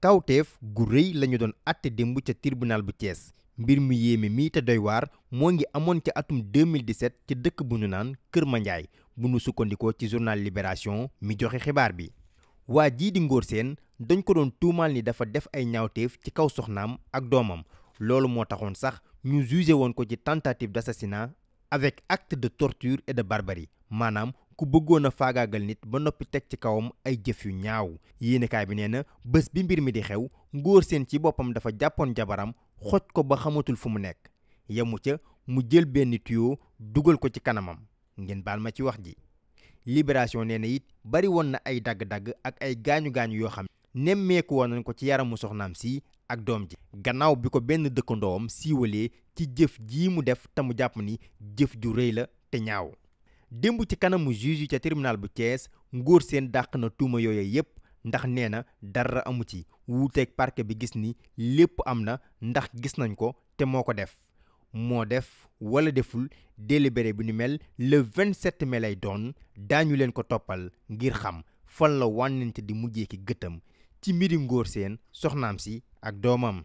kawteef gu rëy la ñu doon àtte démb ca tribunal bu Thiès mbir mi yéeme mii te doy waar moo ngi amoon ca atum 2017 ci dëkk bu ñu naan Kër Mandiaye bu nu sukkandikoo ci journal Libération mi joxe xibaar bi waa jii di Ngor Sène dañ ko doon tuumaal ni dafa def ay ñaawteef ci kaw soxnaam ak doomam loolu moo taxoon sax ñu jugé woon ko ci tentative d'assassinat avec acte de torture et de barbarie maanaam ku bëggoon a faagaagal nit ba noppi teg ci kawam ay jëf yu ñaaw yéenekaay bi nee na bés bi mbir mi di xew ngóor seen ci boppam dafa jàppoon jabaram xoj ko ba xamatul fu mu nekk yemu ca mu jël benn tuyau dugal ko ci kanamam ngeen baal ma ci wax ji libération nee na it bari woon na ay dagg-dagg ak ay gaañu-gaañu yoo xam nemmeeku woon nañ ko ci yaramu soxnaam si ak doom ji gannaaw bi ko benn dëkkandoom siiwalee ci jëf jii mu def tamu jàpp ni jëf ju rëy la te ñaaw démb ci kanamu juge yi ca tribunal bu Thiès ngóor seen dàq na tuuma yooyu yépp ndax nee na dara amu ci wuuteeg park bi gis ni lépp am na ndax gis nañ ko te moo ko def moo def wala deful délibéré bi nu mel le 27 mai lay doon dañu leen ko toppal ngir xam fan la wànnante di mujjee ki gëtam ci mbiri ngóor seen soxnaam si ak doomam